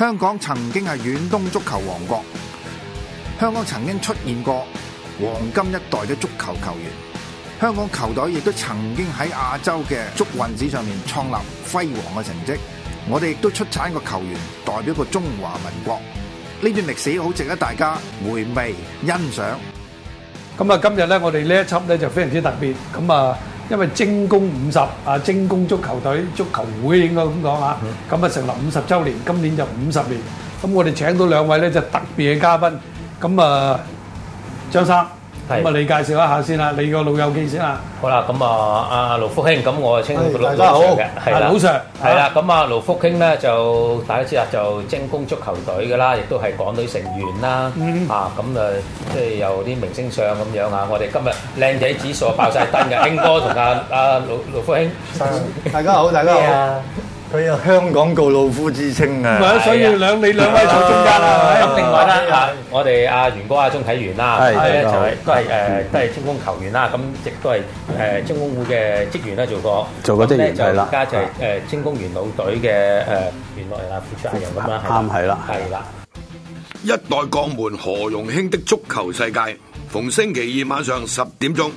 香港曾經係遠東足球王國，香港曾經出現過黃金一代嘅足球球員，香港球隊亦都曾經喺亞洲嘅足運史上面創立輝煌嘅成績。我哋亦都出產個球員代表過中華民國，呢段歷史好值得大家回味欣賞。咁啊，今日咧，我哋呢一輯咧就非常之特別，咁啊。因為精工五十啊，精工足球隊足球會應該咁講啊，咁啊成立五十週年，今年就五十年。咁我哋請到兩位呢，就特別嘅嘉賓。咁啊，呃，張生。咁啊，你介紹一下先啦，你個老友記先啦。好啦，咁啊，阿盧福興，咁我就稱佢老老常嘅，係啦，盧 Sir，係啦。咁啊，盧福興咧就大家知啦，就精工足球隊㗎啦，亦都係港隊成員啦，嗯。啊，咁啊，即係有啲明星相咁樣啊 和啊。我哋今日靚仔指數爆晒燈嘅，興哥同阿阿盧盧福興。 大家好，大家好。Yeah. 佢有香港告老夫之稱啊！咁啊，所以兩你兩位坐中間啊，另外啦嚇，我哋阿袁哥阿鍾啟源啦，係都係都係誒，都係精工球員啦，咁亦都係誒精工會嘅職員啦，做過做過職員就係啦，咁咧就而家就係誒精工元老隊嘅誒元老人啦，付出下咁啦，啱係啦，係啦，一代鋼門何容興的足球世界，逢星期二晚上十點鐘。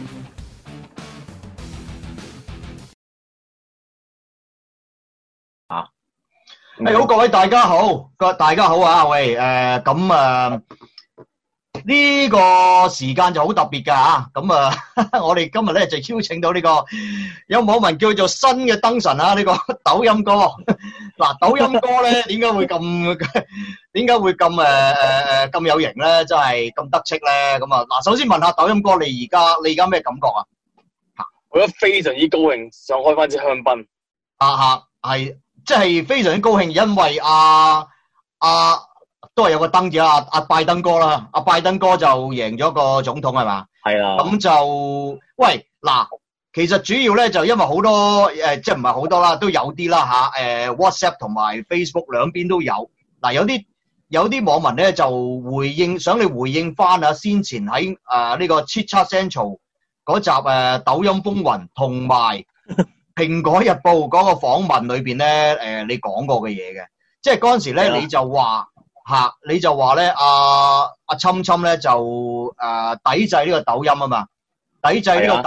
誒，好，各位大家好，各位大家好啊，喂，誒，咁啊，呢個時間就好特別噶啊，咁啊，我哋今日咧就邀請到呢個有網民叫做新嘅燈神啊，呢個抖音哥，嗱，抖音哥咧點解會咁點解會咁誒誒誒咁有型咧，真係咁得戚咧，咁啊，嗱，首先問下抖音哥，你而家你而家咩感覺啊？我覺得非常之高興，想開翻支香檳。阿客係。即係非常之高興，因為阿阿、啊啊、都係有個燈字啊！阿、啊、拜登哥啦，阿、啊、拜登哥就贏咗個總統係嘛？係啊。咁就喂嗱，其實主要咧就因為好多、呃、即係唔係好多啦，都有啲啦吓 WhatsApp 同埋 Facebook 兩邊都有。嗱、呃，有啲有啲網民咧就回應，想你回應翻啊！先前喺啊呢個 Chit Chat Central 嗰集誒、呃、抖音風雲，同埋。 蘋果日報，嗰個訪問裏面呢，你講過嘅嘢嘅。即係嗰陣時呢，你就話，你就話呢，啊，啊，侵侵呢，就，呃，抵制呢個抖音，up 一個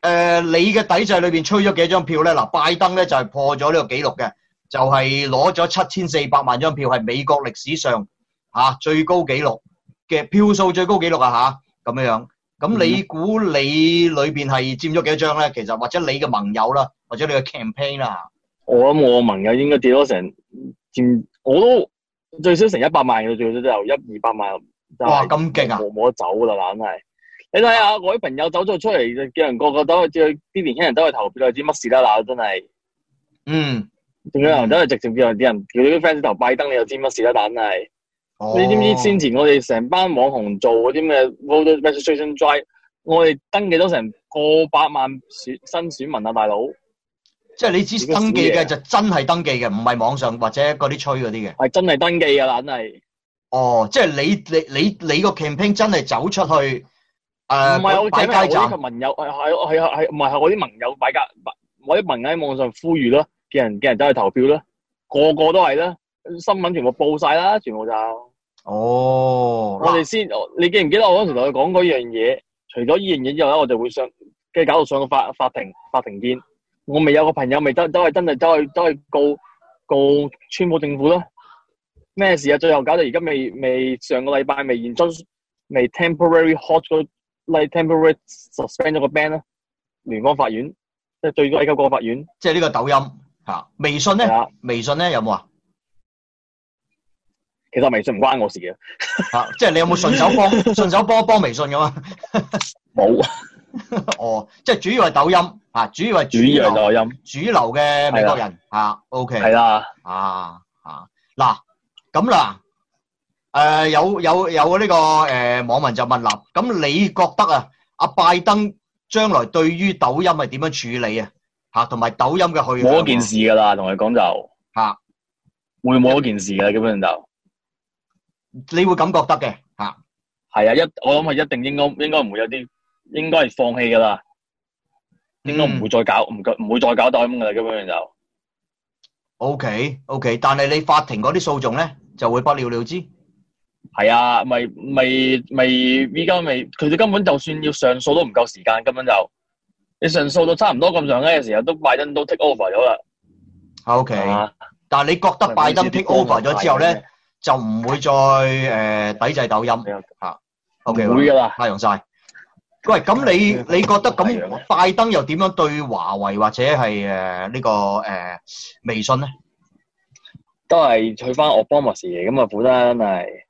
誒、呃，你嘅抵制裏邊吹咗幾張票咧？嗱，拜登咧就係破咗呢個紀錄嘅，就係攞咗七千四百萬張票，係美國歷史上吓最高紀錄嘅票數最高紀錄啊！吓咁樣樣，咁你估你裏邊係佔咗幾多張咧？其實或者你嘅盟友啦，或者你嘅 campaign 啦，我諗我嘅盟友應該跌咗成佔，我都最少成一百萬嘅，最少都有一二百萬。哇！咁勁啊！冇冇得走㗎喇，真係。你睇下我啲朋友走咗出嚟，叫人個個都去，叫啲年輕人都去投票，就知乜事啦。嗱，真係，嗯，仲有人都係直接叫、嗯、人啲人叫你啲 fans 投拜登，你又知乜事啦？但係、哦，你知唔知先前我哋成班網紅做嗰啲咩？vote registration drive，我哋登記咗成個百萬選新選民啊，大佬。即係你只登記嘅就真係登記嘅，唔係網上或者嗰啲吹嗰啲嘅。係真係登記噶，硬係。哦，即係你你你你個 campaign 真係走出去。唔係我借債，我啲盟友係係係唔係係我啲盟友擺架擺，我啲盟友喺網上呼籲咯，叫人叫人走去投票咯，個個都係啦，新聞全部報晒啦，全部就。哦，我哋先，你記唔記得我嗰時同佢講嗰樣嘢？除咗呢樣嘢之後咧，我就會上，即係搞到上法法庭，法庭見。我未有個朋友，未得都係真係都係都係告告川普政府咯。咩事啊？最後搞到而家未未上個禮拜未延中，未 temporary halt 嗰。Like、temporary suspend 咗個 ban 啦，聯邦法院，即係最高一級嘅法院。即係呢個抖音嚇、啊，微信咧、啊，微信咧有冇啊？其實微信唔關我事嘅嚇、 啊，即係你有冇順手幫 順手幫一幫微信咁啊？冇 沒有 哦，即係主要係抖音嚇、啊，主要係主流抖音，主流嘅美國人嚇，OK，係啦，啊、okay、啊嗱，咁、啊、啦。啊。誒，有有有呢個誒網民就問啦，咁你覺得啊，阿拜登將來對於抖音係點樣處理啊？吓，同埋抖音嘅去冇咗件事噶啦，同佢講就吓，會冇咗件事噶，基本上就你會咁覺得嘅吓，係啊，一我諗係一定應該應該唔會有啲，應該係放棄噶啦，應該唔會再搞，唔唔會再搞抖音噶啦，基本上就，ok ok，但係你法庭嗰啲訴訟咧就會不了了之。係啊，咪咪咪，依家未佢哋根本就算要上訴都唔夠時間，根本就你上訴到差唔多咁上下嘅時候，都拜登都 take over 咗啦。O K，但係你覺得拜登 take over 咗之後咧，就唔會再誒抵制抖音吓？O K 會噶啦，太陽晒。喂，咁你你覺得咁拜登又點樣對華為或者係誒呢個誒微信咧？都係去翻 Obama 時嚟，咁啊，本身真係。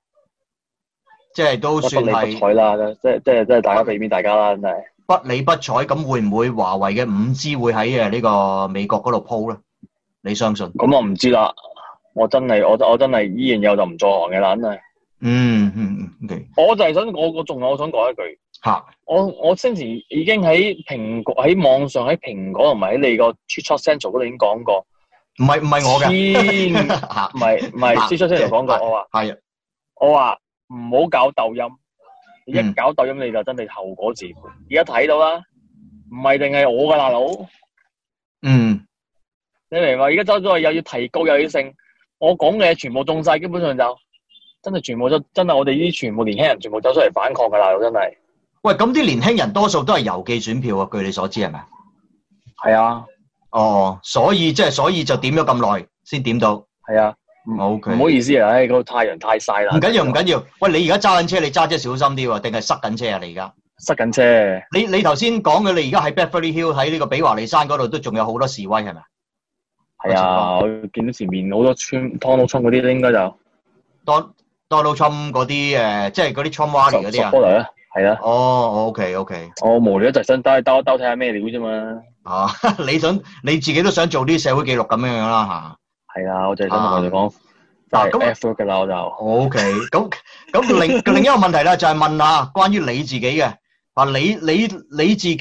即係都算你不理不睬啦，即係即係即係大家避免大家啦，真係。不理不睬，咁會唔會華為嘅五 G 會喺誒呢個美國嗰度鋪咧？你相信？咁我唔知啦，我真係我我真係依然有就唔在行嘅啦，真係。嗯嗯嗯。Okay. 我就係想我我仲有，我想講一句。吓。 我我先前已經喺蘋果喺網上喺蘋果同埋喺你個 c h e Central 嗰度已經講過。唔係唔係我嘅。吓。 唔係唔係 c h Central 講說過我話。係 啊、就是。我話。 我唔好搞抖音，一搞抖音、嗯、你就真係後果自負。而家睇到啦，唔係定係我噶，大佬。嗯，你明白？而家走咗去又要提高，又要升，我講嘅全部中晒，基本上就真係全部都真係我哋呢啲全部年輕人全部走出嚟反抗噶啦，佬，真係。喂，咁啲年輕人多數都係郵寄選票啊？據你所知係咪？係啊。哦，所以即係、就是、所以就點咗咁耐先點到。係啊。唔、okay. 好意思啊！唉，個太陽太晒啦。唔緊要，唔緊要。喂，你而家揸緊車，你揸車小心啲喎。定係塞緊車啊？你而家塞緊車。你你頭先講嘅，你而家喺 Beverly Hill 喺呢個比華利山嗰度都仲有好多示威係咪啊？係啊，我見到前面好多村 Donald Trump 嗰啲應該就 Donald Trump 嗰啲誒，即係嗰啲 Trump rally 嗰啲啊。係啊。哦，OK，OK。Oh, okay, okay. 我無聊只想兜兜兜睇下咩料啫嘛。看看 你想你自己都想做啲社會記錄咁樣樣啦吓？係啊，我就想同佢哋講，就係 effort 嘅啦，我就。OK，咁咁另另一個問題咧，就係問下關於你自己嘅，啊，你你你自己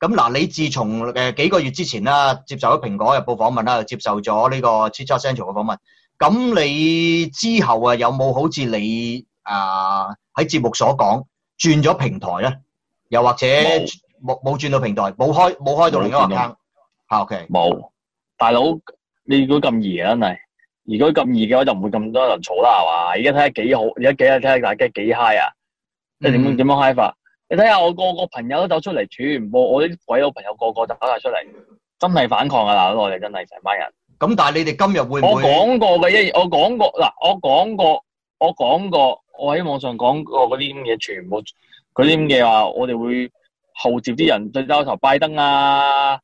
咁嗱，你自從誒幾個月之前啦，接受咗蘋果日報訪問啦，又接受咗呢個 chat central 嘅訪問，咁你之後啊，有冇好似你啊喺節目所講，轉咗平台咧，又或者冇冇轉到平台，冇開冇開到另外一個 account？吓，OK，冇，大佬。你如果咁易啊，真係！如果咁易嘅話，就唔會咁多人吵啦，係嘛？而家睇下幾好，而家幾日睇下大家幾 high 啊、嗯！即點樣點樣法？你睇下我個個朋友都走出嚟，全部我啲鬼佬朋友個個就跑晒出嚟，真係反抗呀。嗱，我哋真係成班人。咁但係你哋今日會唔會？我講過嘅，一我講過嗱，我講過，我講過，我喺網上講過嗰啲咁嘢，全部嗰啲咁嘢話，我哋會後接啲人再加頭拜登啊，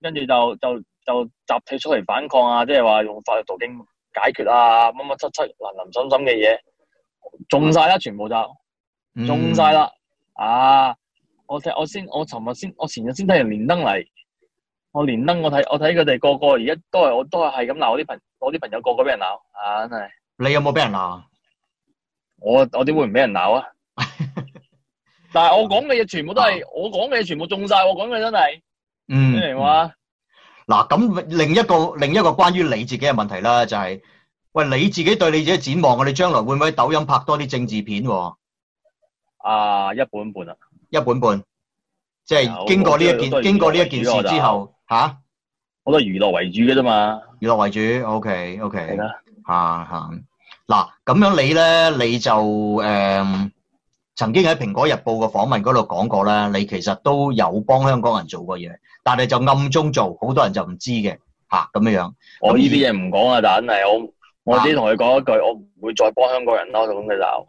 跟住就就。就就集體出嚟反抗啊！即係話用法律途徑解決啊！乜乜七七林林深深嘅嘢，中晒啦，全部就中晒啦！了嗯、啊，我睇我先，我尋日先，我前日先睇人連登嚟，我連登我睇我睇佢哋個個而家都係，我都係係咁鬧我啲朋，我啲朋友個個俾人鬧，真、啊、係。你有冇俾人鬧？我我點會唔俾人鬧啊？ 但係我講嘅嘢全部都係、啊，我講嘅嘢全部中晒，我講嘅真係、嗯，嗯，明嘛？嗱，咁另一個另一個關於你自己嘅問題啦，就是，就係喂你自己對你自己展望，我哋將來會唔會喺抖音拍多啲政治片喎？啊，一半半啊，一半半，啊，即係經過呢一件經過呢一件事之後，吓，就是，好多娛樂為主嘅啫嘛，娛樂為主，OK OK，係啦，嚇、啊、嚇。嗱，啊，咁樣你咧你就誒、嗯、曾經喺《蘋果日報》嘅訪問嗰度講過啦，你其實都有幫香港人做過嘢。但係就暗中做，好多人就唔知嘅吓，咁樣樣，我呢啲嘢唔講啊！但係我我只同佢講一句，我唔會再幫香港人咯咁嘅就。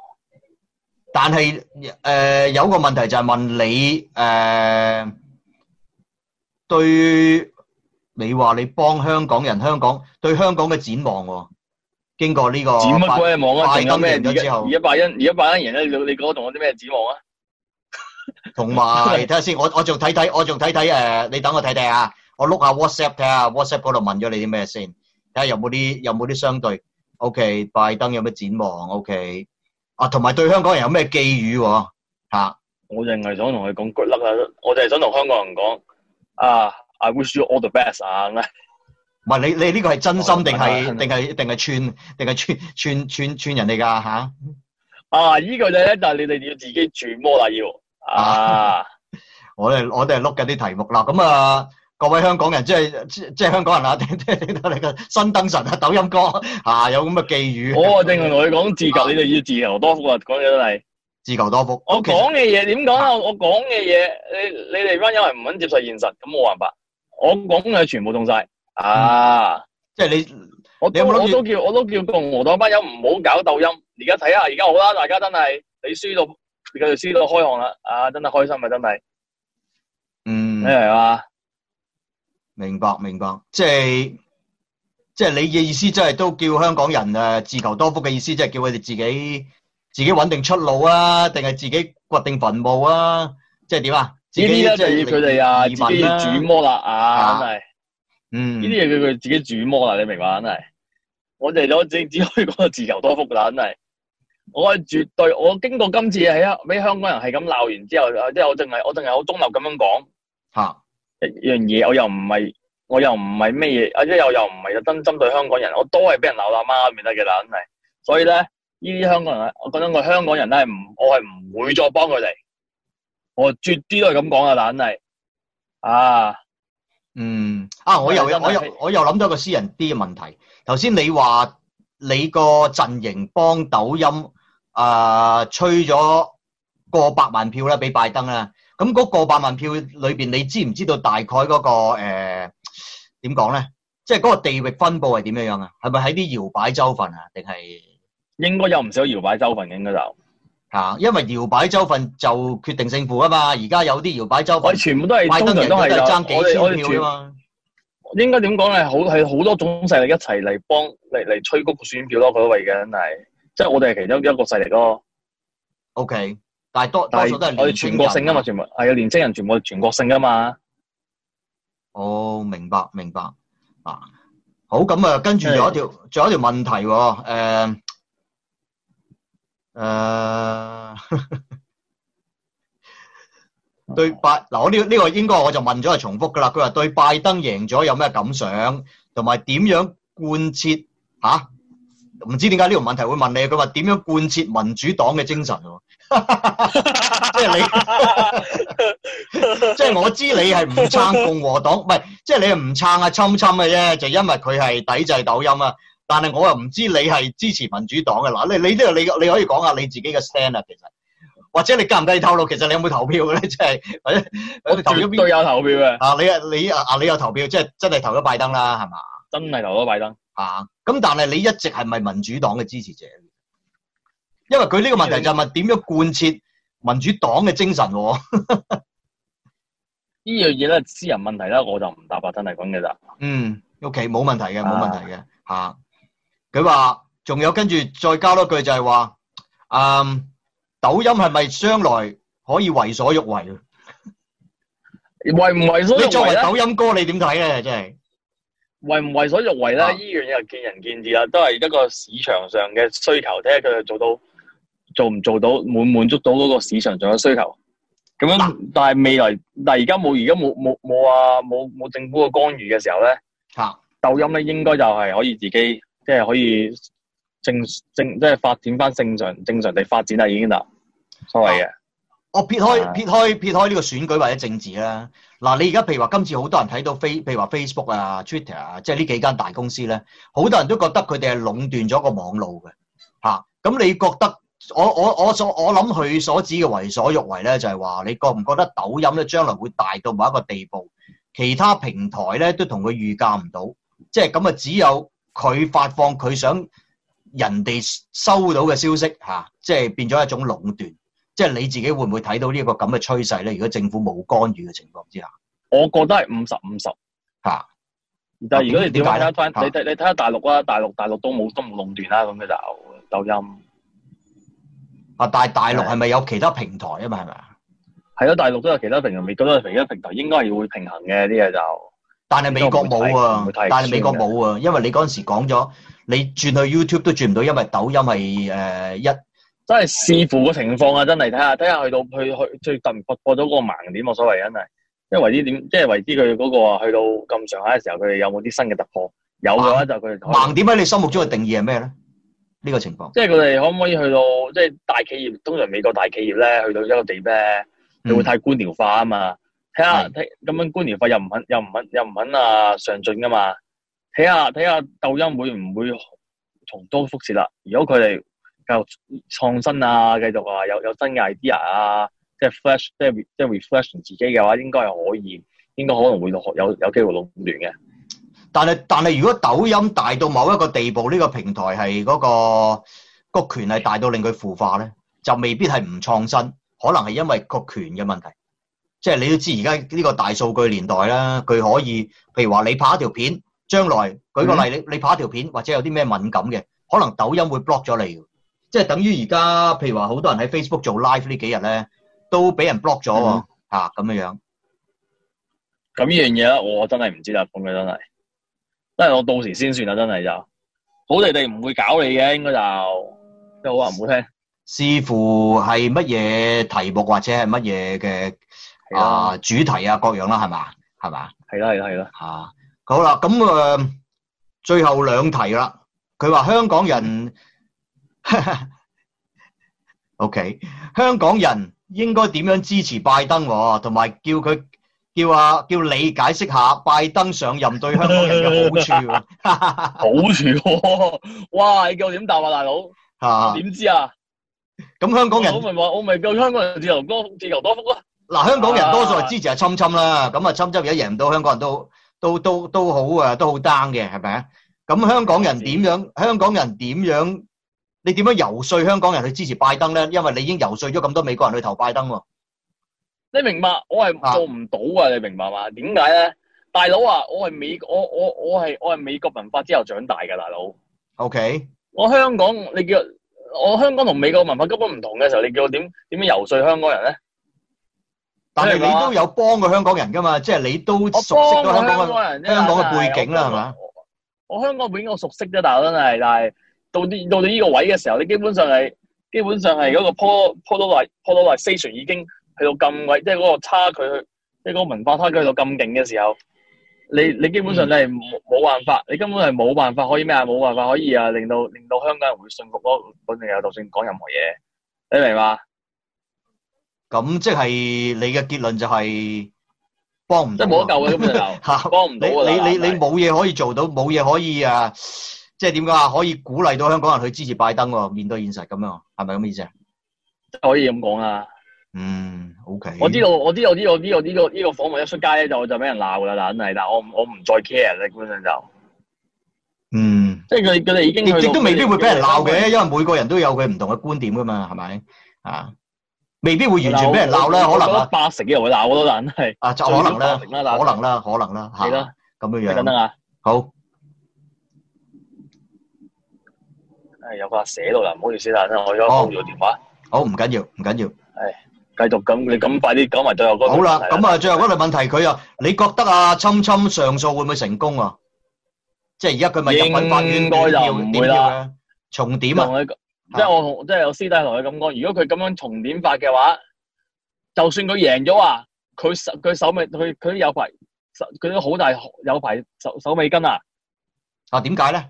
但係誒、呃，有個問題就係問你誒、呃，對，你話你幫香港人香港對香港嘅展望喎，經過呢、這個，指鬼網之後人人你展望啊，仲有咩而家拜登，而家拜登贏咧？你你講同我啲咩展望啊？同埋睇下先，我我仲睇睇，我仲睇睇誒，你等我睇睇啊，我碌下 WhatsApp 睇下 WhatsApp 嗰度問咗你啲咩先，睇下有冇啲有冇啲相對。O、okay, K，拜登有咩展望？O、okay, K，啊，同埋對香港人有咩寄語、啊？吓，我淨係想同你講 good luck 啊，我淨係想同香港人講啊、uh,，I wish you all the best 啊。唔、啊、係你你呢個係真心定係定係定係串定係串串串,串人嚟噶吓？啊，啊這呢個就咧就你哋要自己轉魔啦要。啊！我哋我哋係碌緊啲題目啦，咁啊，各位香港人，即係即係香港人啊，聽聽睇睇你個新燈神啊，抖音哥啊，有咁嘅寄語。我正同你講自求，你哋要自求多福啊！講嘢都係自求多福。我講嘅嘢點講啊？我講嘅嘢，你你哋班友係唔肯接受現實，咁冇辦法。我講嘅全部中晒啊！即係你，我我都叫，我都叫共和黨班友唔好搞抖音。而家睇下，而家好啦，大家真係你輸到。佢哋先到開行啦，啊！真係開心啊，真係。嗯。咩嚟啊？明白，明白，即係即係你嘅意思，即係都叫香港人啊！自求多福嘅意思，即係叫佢哋自己自己揾定出路定啊，定係自己掘定墳墓啊？即係點啊？呢啲咧就要佢哋啊，自己主魔啦，啊，真、啊、係。嗯，呢啲嘢叫佢自己主魔啦，你明嘛？真、嗯、係。我哋都只只可以講自求多福啦，真、嗯、係。我係絕對，我經過今次係啊，俾香港人係咁鬧完之後，即係我淨係，我淨係好中立咁樣講，吓、啊、一樣嘢，我又唔係，我又唔係咩嘢，啊，即係我又唔係真針對香港人，我都係俾人鬧阿媽，咪得嘅啦，真係。所以咧，呢啲香港人，我覺得香港人咧，唔，我係唔會再幫佢哋，我絕啲都係咁講噶啦，真係。啊，嗯，啊，我又我又我又諗咗個私人啲嘅問題，頭先你話。你個陣營幫抖音啊、呃，吹咗過百萬票啦，俾拜登啦。咁嗰百萬票裏面，你知唔知道大概嗰、嗰個誒點講咧？即係嗰個地域分佈係點樣啊？係咪喺啲搖擺州份啊？定係應該有唔少搖擺州份應該有、就係、因為搖擺州份就決定勝負啊嘛。而家有啲搖擺州份，我哋全部都係拜登，而家都係爭幾多票啊嘛。應該點講咧？好係好多種勢力一齊嚟，幫嚟嚟催個選票咯。佢為緊係，即係我哋係其中一個勢力咯。O、okay, K，但係多但多數都係我哋全國性噶嘛，全部係啊，年青人全部係全國性噶嘛。我、哦、明白，明白啊。好，咁啊，跟住仲有一條，仲有一條問題。誒，誒。對拜嗱，我呢個呢個應該我就問咗係重複噶啦。佢話對拜登贏咗有咩感想，同埋點樣貫徹嚇？唔、啊、知點解呢個問題會問你？佢話點樣貫徹民主黨嘅精神？即係你，即 係 我知你係唔撐共和黨，唔係即係你唔撐阿侵侵嘅啫，就因為佢係抵制抖音啊。但係我又唔知你係支持民主黨嘅嗱，你你即係你你可以講下你自己嘅 stand 啊，其實。或者你介唔介意透露，其實你有冇投票嘅咧？即係或者我哋投票，邊度有投票嘅？啊，你啊，你啊，你有投票，即係真係投咗拜登啦，係嘛？真係投咗拜登。吓、啊，咁但係你一直係咪民主黨嘅支持者？因為佢呢個問題就係點樣貫徹民主黨嘅精神、啊？ 呢樣嘢咧，私人問題咧，我就唔答啊，真係咁嘅咋？嗯，OK，冇問題嘅，冇問題嘅。吓，佢話仲有跟住再加多句就係話，嗯。抖音係咪將來可以為所欲為？為唔為所欲為？你作為抖音哥，你點睇咧？真係為唔為所欲為咧？呢樣嘢見仁見智啦，都係一個市場上嘅需求，睇下佢做到做唔做到滿滿足到嗰個市場上嘅需求。咁樣，啊、但係未來，但係而家冇而家冇冇冇話冇冇政府嘅干預嘅時候咧、啊，抖音咧應該就係可以自己即係可以正正即係發展翻正常正常地發展啦，已經啦。係呀。我撇開撇開撇開呢個選舉或者政治啦。嗱，你而家譬如話今次好多人睇到飛，譬如話 Facebook 啊、Twitter 即係你自己會唔會睇到呢一個咁嘅趨勢咧？如果政府冇干預嘅情況之下，我覺得係五十五十嚇。但係如果你點解，你睇下大陸啦，大陸大陸都冇咁嘅壟斷啦，咁佢就抖音。啊，但大陸係咪有其他平台啊？嘛係咪啊？係啊，大陸都有其他平台，美國都有其他平台，應該係會平衡嘅啲嘢就。但係美國冇啊！不但係美國冇啊！因為你嗰陣時講咗，你轉去 YouTube 都轉唔到，因為抖音係誒、呃、一。真係視乎個情況啊！真係睇下睇下去到去去最近突破咗嗰個盲點啊，所謂，真係，因為為之點，即係為之佢嗰個去到咁上下嘅時候，佢哋有冇啲新嘅突破？有嘅話，就佢盲點喺你心目中嘅定義係咩咧？呢個情況，即係佢哋可唔可以去到即係大企業？通常美國大企業咧，去到一個地步，就會太官僚化啊嘛。睇下睇咁樣官僚化又唔肯又唔肯又唔肯，又唔肯啊上進噶嘛。睇下睇下抖音會唔會重蹈覆轍啦？如果佢哋繼續創新啊！繼續啊！有有新嘅 idea 啊，即係 fresh，即係即係 refresh 自己嘅話，應該係可以，應該可能會有有有機會攞嘅。但係但係，如果抖音大到某一個地步，呢、這個平台係嗰、那個、那個權係大到令佢腐化咧，就未必係唔創新，可能係因為個權嘅問題。即、就、係、是、你都知而家呢個大數據年代啦，佢可以譬如話你拍一條片，將來舉個例，你、嗯、你拍一條片或者有啲咩敏感嘅，可能抖音會 block 咗你。即係等於而家，譬如話，好多人喺 Facebook 做 live 幾呢幾日咧，都俾人 block 咗喎，嚇、嗯、咁、啊、樣樣。咁呢樣嘢我真係唔知啦，咁嘅真係，真係我到時先算啦，真係就，好地哋唔會搞你嘅，應該就，即係好話唔好聽，視乎係乜嘢題目或者係乜嘢嘅啊主題啊各樣啦，係嘛，係嘛？係啦，係啦，係啦。嚇、啊，好啦，咁誒、呃，最後兩題啦，佢話香港人。O K，香港人應該點樣支持拜登？同埋叫佢叫啊叫你解釋下拜登上任對香港人嘅好處？好處？哇！你叫我點答啊，大佬？點知啊？咁香港人我咪話我咪叫香港人自由多福，自由多福啊！嗱，香港人多數係支持阿侵侵啦，咁啊侵侵而家贏唔到，香港人都都都都好啊，都好 down 嘅係咪啊？咁香港人點樣？香港人點樣？你點樣游說香港人去支持拜登咧？因為你已經游說咗咁多美國人去投拜登喎。你明白？我係做唔到噶，你明白嘛？點解咧？大佬啊，我係美，我我我係我係美國文化之後長大噶，大佬。OK。我香港，你叫我香港同美國文化根本唔同嘅時候，你叫我點點樣游說香港人咧？但係你都有幫過香港人噶嘛？即係你都熟悉咗香港嘅香港嘅背景啦，係嘛？我香港背景我熟悉啫，大佬真係，但係。到到到呢個位嘅時候，你基本上係基本上係嗰個坡坡度率 o 度率 station 已經去到咁位，即係嗰個差距，即係嗰個文化差距去到咁勁嘅時候，你你基本上都係冇冇辦法，你根本係冇辦法可以咩啊？冇辦法可以啊！令到令到香港人會信服咯、啊，本地人就算講任何嘢，你明嘛？咁即係你嘅結論就係幫唔到、啊，即係冇救嘅啦，本 幫唔到你你你冇嘢可以做到，冇嘢可以啊！即係點講啊？可以鼓勵到香港人去支持拜登喎、啊，面對現實咁樣，係咪咁嘅意思啊？即係可以咁講啊？嗯，OK。我知道，我知道，呢個呢個呢個呢個訪問一出街咧，就就俾人鬧啦，真係。但係我我唔再 care，基本上就嗯。即係佢佢哋已經你亦都未必會俾人鬧嘅，因為每個人都有佢唔同嘅觀點噶嘛，係咪啊？未必會完全俾人鬧啦，可能、啊、八成嘅會鬧咯，係。啊，就啊，可能啦、啊，可能啦、啊，可能啦、啊，係啦，咁樣樣。啊，好。係、哎、有個寫到啦，唔好意思啦、哦，我而家掛住電話。好唔緊要，唔緊要，係繼續咁，你咁快啲講埋最後嗰個問題好啦。咁啊，最後一個問題佢啊，你覺得啊，侵侵上訴會唔會成功啊？即係而家佢咪入稟法院？應該就唔會啦。重點啊，啊即係我同即係師弟同佢咁講，如果佢咁樣重點法嘅話，就算佢贏咗啊，佢佢手尾佢佢有排，佢都好大有排手手尾跟啊。啊，點解咧？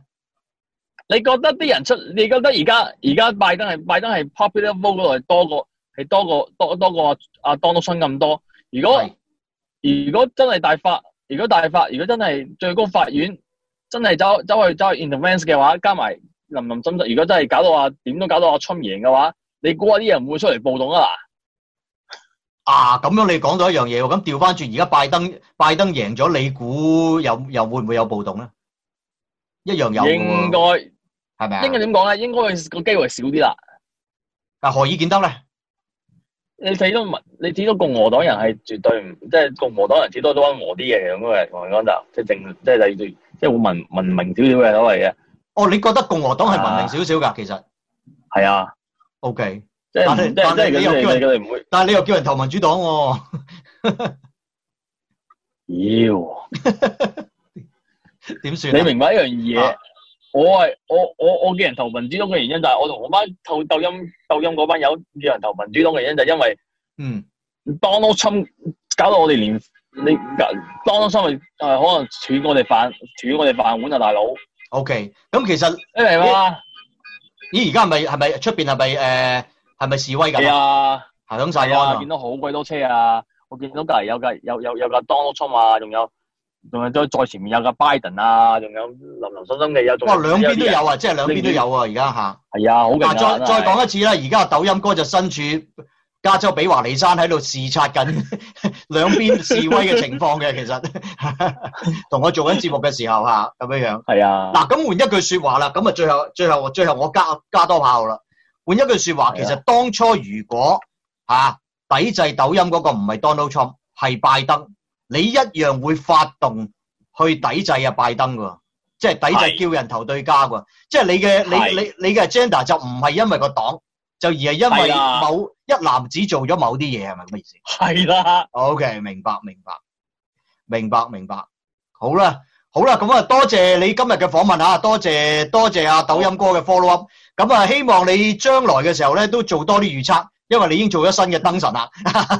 你覺得啲人出？你覺得而家而家拜登係拜登係 popular vote 係多過係多過多多過阿、啊、阿、啊、Donald Trump 咁多？如果如果真係大法，如果大法，如果真係最高法院真係走走去走去 intervene 嘅話，加埋林林總總，如果真係搞到話點都搞到阿 Trump 贏嘅話，你估下啲人會唔會出嚟暴動啊？嗱，啊，咁樣你講到一樣嘢喎。咁調翻轉，而家拜登拜登贏咗，你估又又會唔會有暴動咧？一樣有嘅喎。應係咪啊？應該點講咧？應該個機會是少啲啦。但何以見得咧？你睇到民，你睇到共和黨人係絕對唔即係共和黨人和的，最多都温和啲嘅，咁該同你講就即係政，即係第二即係會文文明少少嘅所謂嘅。哦，你覺得共和黨係文明少少噶？其實係啊。OK 但、就是。但係、就是、但係你又叫佢唔會，但係你又叫人投民主黨、哦。妖、哦，點 要 算？你明白一樣嘢。啊我係我我我叫人投民主黨嘅原因就係我同我班豆抖音抖音嗰班友叫人投民主黨嘅原因就係因為，嗯，Donald Trump 搞到我哋連你 Donald Trump 係可能斷我哋飯斷我哋飯碗啊大佬。O K。咁其實，係啦。咦，而家係咪係咪出邊係咪誒係咪示威咁啊？係行咁曬㗎。我見到好鬼多車啊！我見到隔離有個有有有個 Donald Trump 啊，仲有。仲有再前面有個拜登啊，仲有林林森森嘅有。哦，兩邊都有啊，即係兩邊都有啊，而家吓。係啊，好嘅、啊。但、啊、再再講一次啦，而家抖音哥就身處加州比華利山喺度視察緊兩邊示威嘅情況嘅，其實同 我做緊節目嘅時候吓咁樣樣。係啊，啊。嗱，咁換一句說話啦，咁啊，最後最後最後我加加多炮啦。換一句說話，啊、其實當初如果吓、啊、抵制抖音嗰個唔係 Donald Trump，係拜登。你一樣會發動去抵制啊拜登噶，即係抵制叫人投對家噶，即係你嘅你你你嘅 agenda 就唔係因為個黨，就而係因為某一男子做咗某啲嘢，係咪咁嘅意思？係啦。OK，明白明白明白明白，明白，好啦好啦，咁啊多謝你今日嘅訪問吓，多謝多謝阿、啊、抖音哥嘅 follow up，咁啊希望你將來嘅時候咧都做多啲預測。因為你已經做咗新嘅燈神啦 il-、啊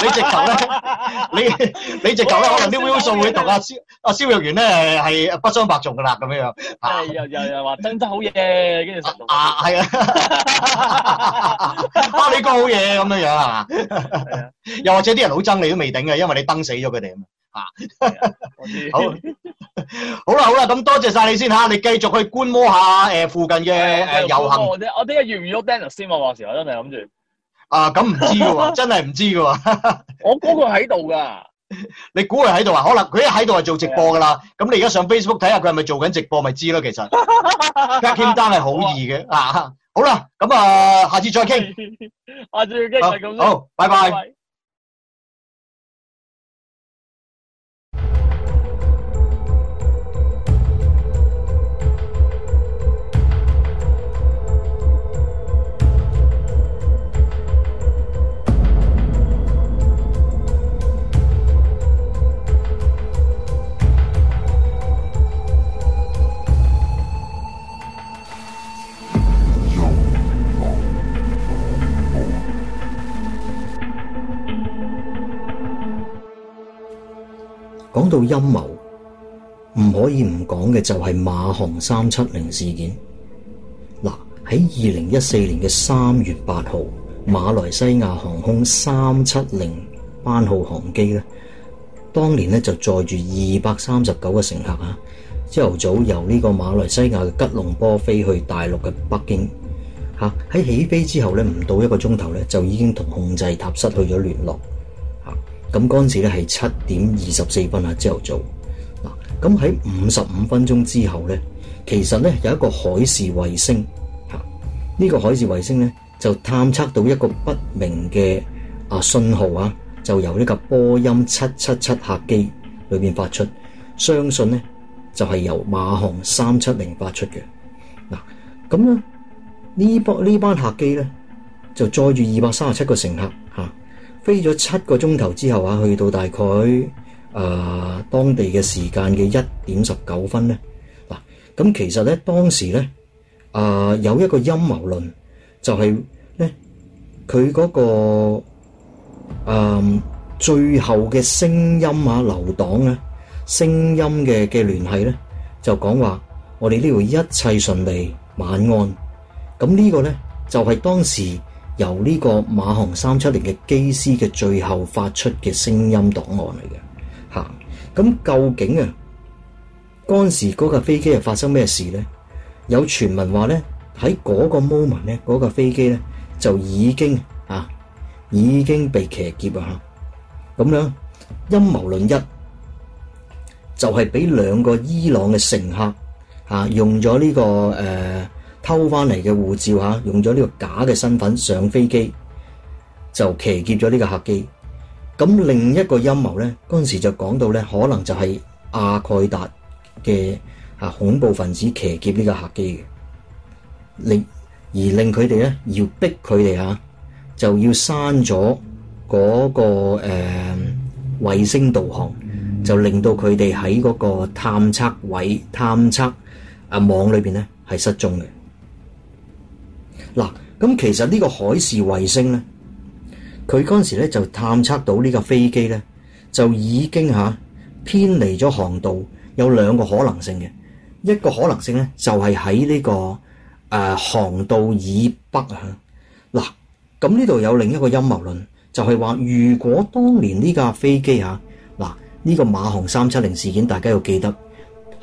яр- 啊，你直頭咧，你你直頭咧，可能啲 view 數會同阿蕭阿蕭若元咧係不相伯仲噶啦，咁樣樣，係又又又話爭得好嘢，跟住啊係啊，啊你講好嘢咁樣樣係嘛，又或者啲人好憎你都未頂嘅，因為你燈死咗佢哋啊、ial%. 啊， 好，好啦好啦，咁多謝晒你先吓，你繼續去觀摩一下誒、呃、附近嘅誒遊行。嗯、我這我聽日唔要 Daniel 先啊？話時我真係諗住。啊，咁唔知嘅喎， 真係唔知嘅喎。我估佢喺度噶，你估佢喺度啊？可能佢一喺度就做直播噶啦。咁你而家上 Facebook 睇下佢係咪做緊直播，咪知咯。其實傾單係好易嘅。啊，好啦，咁啊，下次再傾。 下次再傾，再見 好，拜拜。拜拜。講到陰謀，唔可以唔講嘅就係馬航三七零事件。嗱，喺二零一四年嘅三月八號，馬來西亞航空三七零班號航機咧，當年咧就載住二百三十九個乘客啊。朝頭早由呢個馬來西亞嘅吉隆坡飛去大陸嘅北京，吓，喺起飛之後咧，唔到一個鐘頭咧，就已經同控制塔失去咗聯絡。咁嗰陣時咧係七點二十四分啊，朝頭早嗱，咁喺五十五分鐘之後咧，其實咧有一個海事衛星，呢個海事衛星咧就探測到一個不明嘅啊信號啊，就由呢個波音七七七客機裏面發出，相信咧就係由馬航三七零發出嘅嗱，咁咧呢班呢班客機咧就載住二百三十七個乘客。飛咗七個鐘頭之後啊，去到大概啊當地嘅時間嘅一點十九分咧。嗱，咁其實咧當時咧啊有一個陰謀論，就係咧佢嗰個啊最後嘅聲音啊留檔啊聲音嘅嘅聯繫咧，就講話我哋呢度一切順利晚安。咁呢個咧就係當時。由呢個馬航三七零嘅機師嘅最後發出嘅聲音檔案嚟嘅。吓，咁究竟啊，嗰時嗰架飛機係發生咩事咧？有傳聞話咧，喺嗰個 moment 咧，嗰架飛機咧就已經啊已經被騎劫啊，咁樣陰謀論一就係俾兩個伊朗嘅乘客啊用咗呢個誒。呃偷翻嚟嘅護照下用咗呢個假嘅身份上飛機，就騎劫咗呢個客機。咁另一個陰謀咧，嗰陣時就講到咧，可能就係阿蓋達嘅啊恐怖分子騎劫呢個客機嘅，令而令佢哋咧要逼佢哋嚇，就要刪咗嗰、嗰個誒、呃、衛星導航，就令到佢哋喺嗰個探測位探測啊網裏邊咧係失蹤嘅。嗱，咁其實呢個海事衛星咧，佢嗰陣時咧就探測到呢架飛機咧，就已經吓，偏離咗航道，有兩個可能性嘅。一個可能性咧就係喺呢個誒航道以北啊。嗱，咁呢度有另一個陰謀論，就係話如果當年呢架飛機吓嗱呢個馬航三七零事件，大家要記得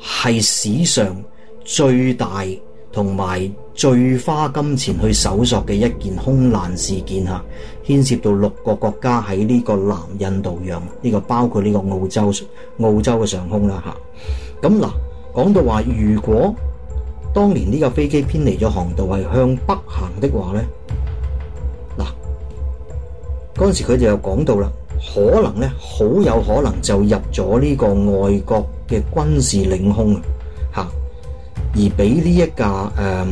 係史上最大同埋，最花金錢去搜索嘅一件空難事件吓，牽涉到六個國家，喺呢個南印度洋呢個包括呢個澳洲、澳洲嘅上空啦吓。咁嗱，講到話如果當年呢架飛機偏離咗航道係向北行的話咧，嗱，嗰陣時佢哋又講到啦，可能咧好有可能就入咗呢個外國嘅軍事領空吓。而俾呢一架誒，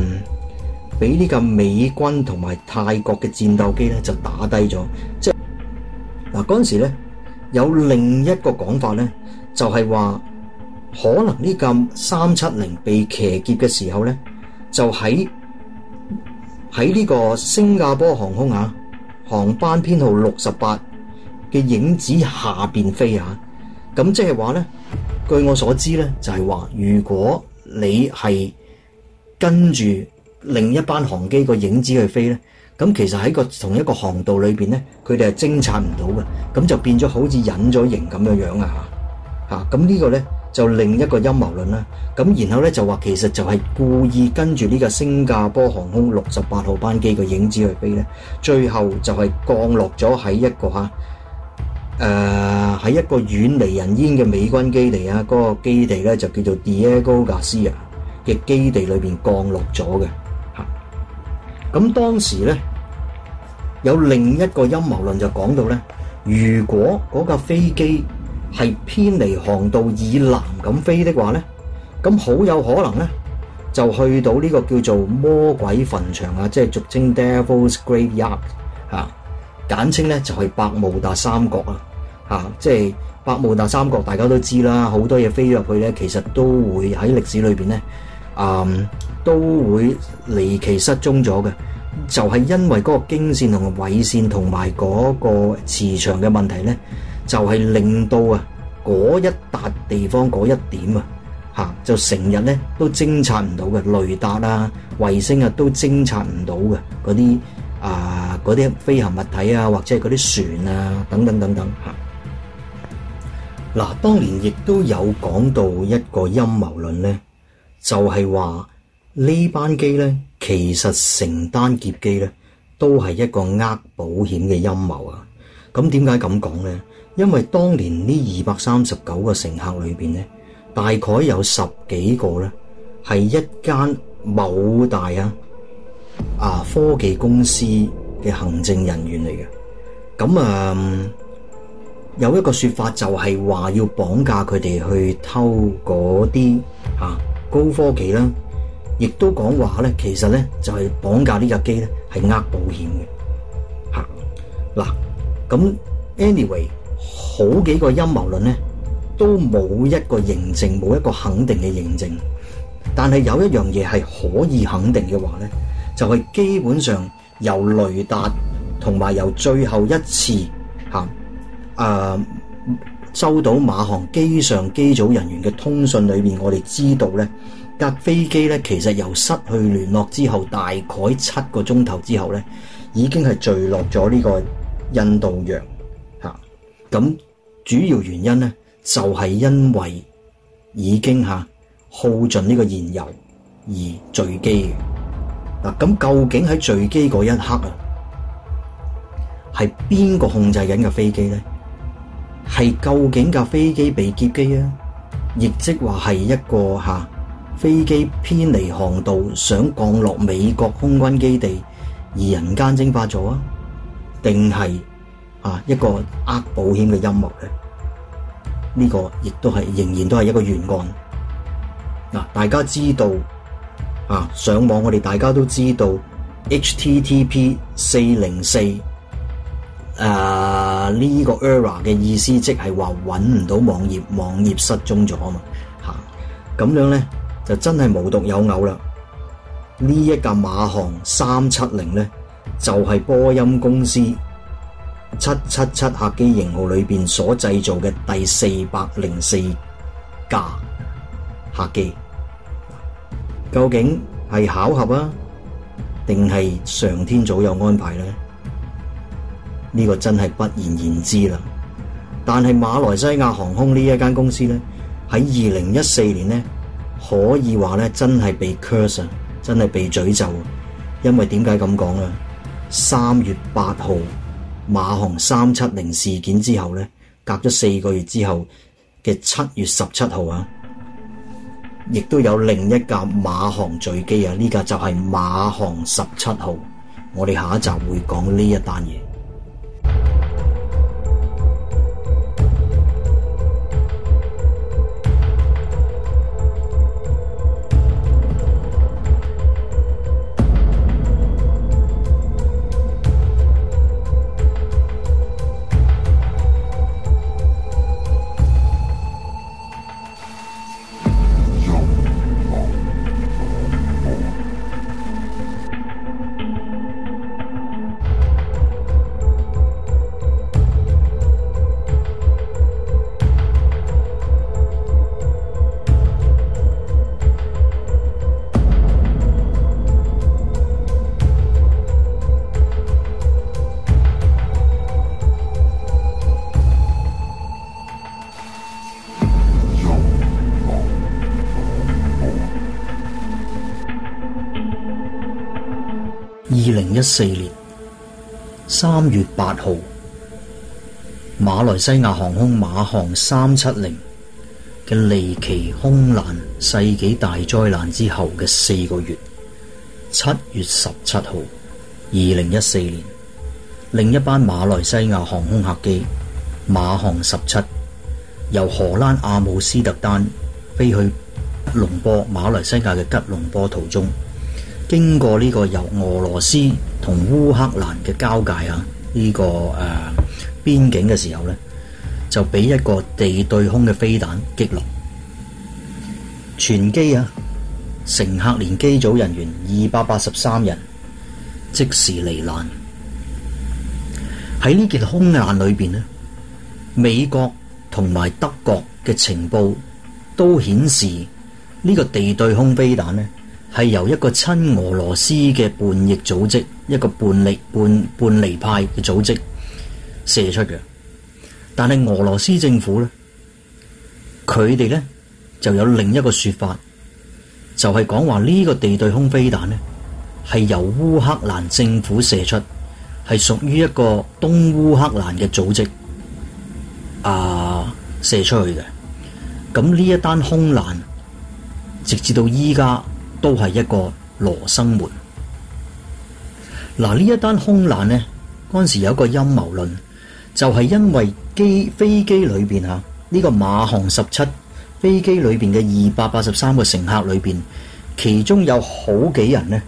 俾呢架美軍同埋泰國嘅戰鬥機咧，就打低咗。即係嗱，嗰陣時咧有另一個講法咧，就係話可能呢架三七零被騎劫嘅時候咧，就喺喺呢個新加坡航空啊航班編號六十八嘅影子下邊飛啊。咁即係話咧，據我所知咧，就係話如果你係跟住另一班航機個影子去飛呢？咁其實喺個同一個航道裏邊呢，佢哋係偵察唔到嘅，咁就變咗好似隱咗形咁樣樣啊！吓，吓，咁呢個呢就另一個陰謀論啦。咁然後呢，就話其實就係故意跟住呢個新加坡航空六十八號班機個影子去飛呢，最後就係降落咗喺一個吓，誒、呃。喺一個遠離人煙嘅美軍基地啊，嗰個基地咧就叫做 Diego Garcia 嘅基地裏邊降落咗嘅。嚇，咁當時咧有另一個陰謀論就講到咧，如果嗰架飛機係偏離航道以南咁飛的話咧，咁好有可能咧就去到呢個叫做魔鬼墳場啊，即係俗稱 Devil's Graveyard，嚇，簡稱咧就係百慕達三角啊。嚇，即係百慕大三角，大家都知啦。好多嘢飛入去咧，其實都會喺歷史裏邊咧，嗯，都會離奇失蹤咗嘅。就係因為嗰個經線同埋緯線同埋嗰個磁場嘅問題咧，就係令到啊嗰一笪地方嗰一點啊嚇，就成日咧都偵察唔到嘅雷達啊、衛星啊都偵察唔到嘅嗰啲啊嗰啲飛行物體啊，或者係嗰啲船啊等等等等嚇。嗱，當年亦都有講到一個陰謀論呢，就係話呢班機呢，其實成單劫機呢，都係一個呃保險嘅陰謀啊！咁點解咁講呢？因為當年呢，二百三十九個乘客裏邊呢，大概有十幾個呢，係一間某大啊、啊科技公司嘅行政人員嚟嘅，咁啊。有一個說法就係話要綁架佢哋去偷嗰啲吓高科技啦，亦都講話咧，其實咧就係綁架呢架機咧係呃保險嘅吓嗱，咁 anyway 好幾個陰謀論咧都冇一個認證，冇一個肯定嘅認證，但係有一樣嘢係可以肯定嘅話咧，就係基本上由雷達同埋由最後一次行。誒，收到馬航機上機組人員嘅通訊裏面，我哋知道呢架飛機呢，其實由失去聯絡之後，大概七個鐘頭之後呢，已經係墜落咗呢個印度洋吓。咁主要原因呢，就係因為已經吓耗盡呢個燃油而墜機嘅。咁究竟喺墜機嗰一刻啊，係邊個控制緊嘅飛機呢？係究竟架飛機被劫機啊？亦即話係一個吓飛機偏離航道，想降落美國空軍基地而人間蒸發咗啊？定係啊一個呃保險嘅陰謀咧？呢個亦都係仍然都係一個懸案。嗱，大家知道啊，上網我哋大家都知道 HTTP 四零四。誒，呢個 error 嘅意思即係話搵唔到網頁，網頁失蹤咗啊嘛吓，咁樣咧就真係無獨有偶啦。呢一架馬航三七零咧就係波音公司七七七客機型號裏邊所製造嘅第四百零四架客機，究竟係巧合啊，定係上天早有安排咧？呢個真係不言而知啦。但係馬來西亞航空呢一間公司咧，喺二零一四年咧，可以話咧真係被 curse 啊，真係被詛咒。因為點解咁講咧？三月八號馬航三七零事件之後咧，隔咗四個月之後嘅七月十七號啊，亦都有另一架馬航墜機啊。呢架就係馬航十七號。我哋下一集會講呢一單嘢。二零一四年三月八號，馬來西亞航空馬航三七零嘅離奇空難世紀大災難之後嘅四個月，七月十七號，二零一四年，另一班馬來西亞航空客機馬航十七由荷蘭阿姆斯特丹飛去吉隆坡馬來西亞嘅吉隆坡途中，經過呢個由俄羅斯同烏克蘭嘅交界啊，呢、呢個誒、啊、邊境嘅時候呢，就俾一個地對空嘅飛彈擊落，全機啊，乘客連機組人員二百八十三人即時罹難。喺呢件空難裏邊呢，美國同埋德國嘅情報都顯示呢個地對空飛彈呢。係由一個親俄羅斯嘅叛逆組織，一個叛逆、叛叛離派嘅組織射出嘅。但係俄羅斯政府咧，佢哋咧就有另一個說法，就係講話呢個地對空飛彈咧係由烏克蘭政府射出，係屬於一個東烏克蘭嘅組織啊射出去嘅。咁呢一單空難，直至到依家。都係一個羅生門嗱。呢、啊、一單空難呢，嗰陣時有一個陰謀論，就係、是、因為機飛機裏邊吓呢個馬航十七飛機裏邊嘅二百八十三個乘客裏邊，其中有好幾人呢，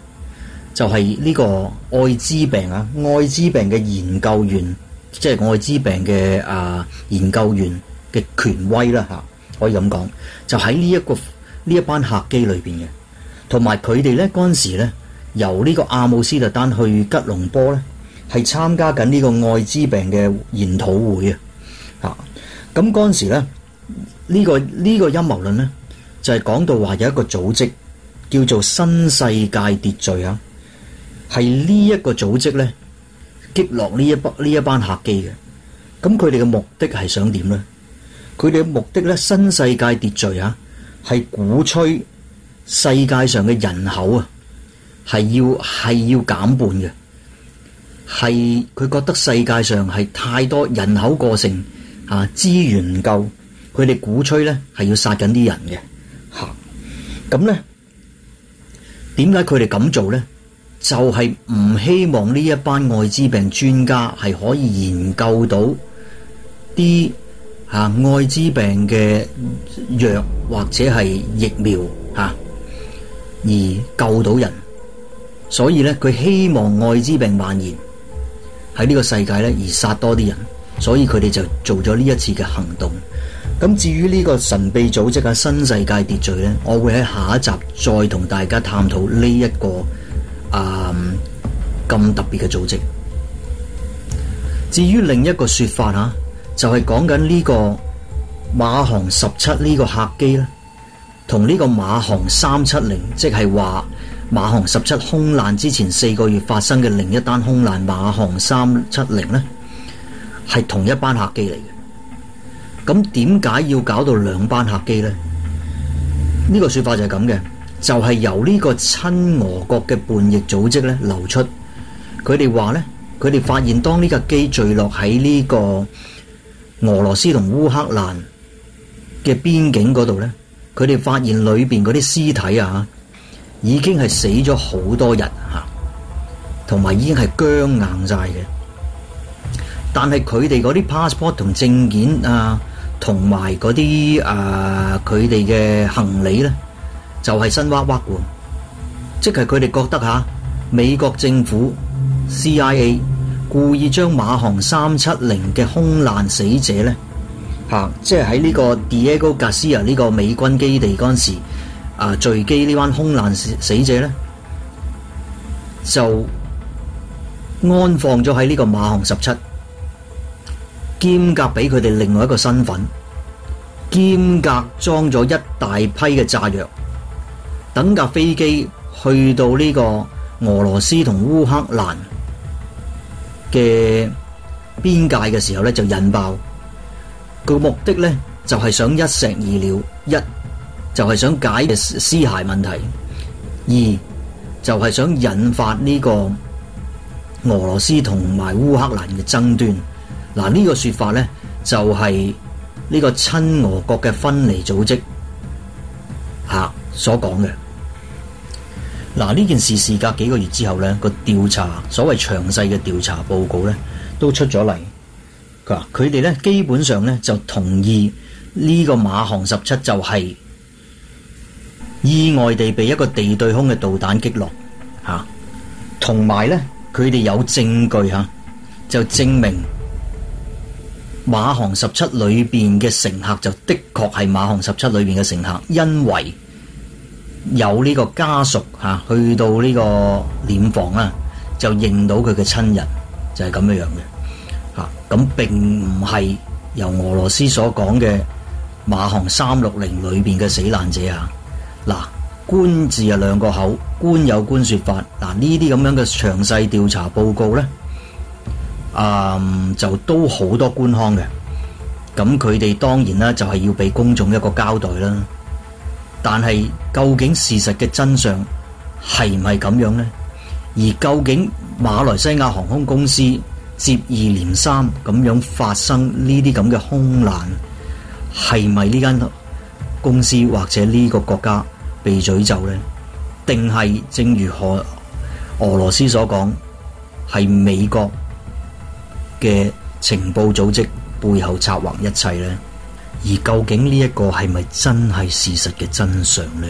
就係、是、呢個艾滋病啊，艾滋病嘅研究員，即係艾滋病嘅啊研究員嘅權威啦吓，可以咁講，就喺呢一個呢一班客機裏邊嘅。同埋佢哋咧，嗰陣時咧，由呢個阿姆斯特丹去吉隆坡咧，係參加緊呢個愛滋病嘅研討會啊！嚇、嗯，咁嗰陣時咧，呢、呢個呢、呢個陰謀論咧，就係、係、講到話有一個組織叫做新世界秩序啊，係呢一個組織咧擊落呢一班呢一班客機嘅。咁佢哋嘅目的係想點咧？佢哋嘅目的咧，新世界秩序啊，係鼓吹。世界上嘅人口啊，係要係要減半嘅，係佢覺得世界上係太多人口過剩，吓、啊、資源唔夠，佢哋鼓吹咧係要殺緊啲人嘅，吓咁咧，點解佢哋咁做咧？就係、是、唔希望呢一班艾滋病專家係可以研究到啲吓艾滋病嘅藥或者係疫苗吓。啊而救到人，所以咧佢希望艾滋病蔓延喺呢個世界咧，而殺多啲人，所以佢哋就做咗呢一次嘅行動。咁至於呢個神秘組織嘅新世界秩序咧，我會喺下一集再同大家探討呢一個啊咁特別嘅組織。至於另一個說法吓，就係講緊呢個馬航十七呢個客機咧。同呢個馬航三七零，即係話馬航十七空難之前四個月發生嘅另一單空難，馬航三七零呢係同一班客機嚟嘅。咁點解要搞到兩班客機呢？呢、這個說法就係咁嘅，就係、是、由呢個親俄國嘅叛逆組織咧流出。佢哋話呢，佢哋發現當呢架機墜落喺呢個俄羅斯同烏克蘭嘅邊境嗰度呢，佢哋發現裏邊嗰啲屍體啊，已經係死咗好多日，嚇，同埋已經係僵硬晒嘅。但係佢哋嗰啲 passport 同證件啊，同埋嗰啲啊佢哋嘅行李咧，就係新娃娃喎，即係佢哋覺得嚇、啊、美國政府 CIA 故意將馬航三七零嘅空難死者咧。即係喺呢個 Diego Garcia 呢個美軍基地嗰陣時候，啊，墜機呢班空難死、死者咧，就安放咗喺呢個馬航十七，兼夾俾佢哋另外一個身份，兼夾裝咗一大批嘅炸藥，等架飛機去到呢個俄羅斯同烏克蘭嘅邊界嘅時候咧，就引爆。個目的咧就係想一石二鳥，一就係、是、想解嘅屍骸問題，二就係、是、想引發呢個俄羅斯同埋烏克蘭嘅爭端。嗱、這、呢個說法咧就係呢個親俄國嘅分離組織吓所講嘅。嗱，呢件事事隔幾個月之後咧個調查，所謂詳細嘅調查報告咧都出咗嚟。佢話佢哋咧，基本上咧就同意呢個馬航十七就係意外地被一個地對空嘅導彈擊落吓，同埋咧佢哋有證據吓，就證明馬航十七裏邊嘅乘客就的確係馬航十七裏邊嘅乘客，因為有呢個家屬吓去到呢個殮房啦，就認到佢嘅親人就係咁樣樣嘅。咁並唔係由俄羅斯所講嘅馬航三六零裏邊嘅死難者啊！嗱，官字啊兩個口，官有官說法。嗱呢啲咁樣嘅詳細調查報告呢，嗯，就都好多官腔嘅。咁佢哋當然啦，就係要俾公眾一個交代啦。但係究竟事實嘅真相係唔係咁樣呢？而究竟馬來西亞航空公司？接二連三咁樣發生呢啲咁嘅空難，係咪呢間公司或者呢個國家被詛咒呢？定係正如俄俄羅斯所講，係美國嘅情報組織背後策劃一切呢？而究竟呢一個係咪真係事實嘅真相呢？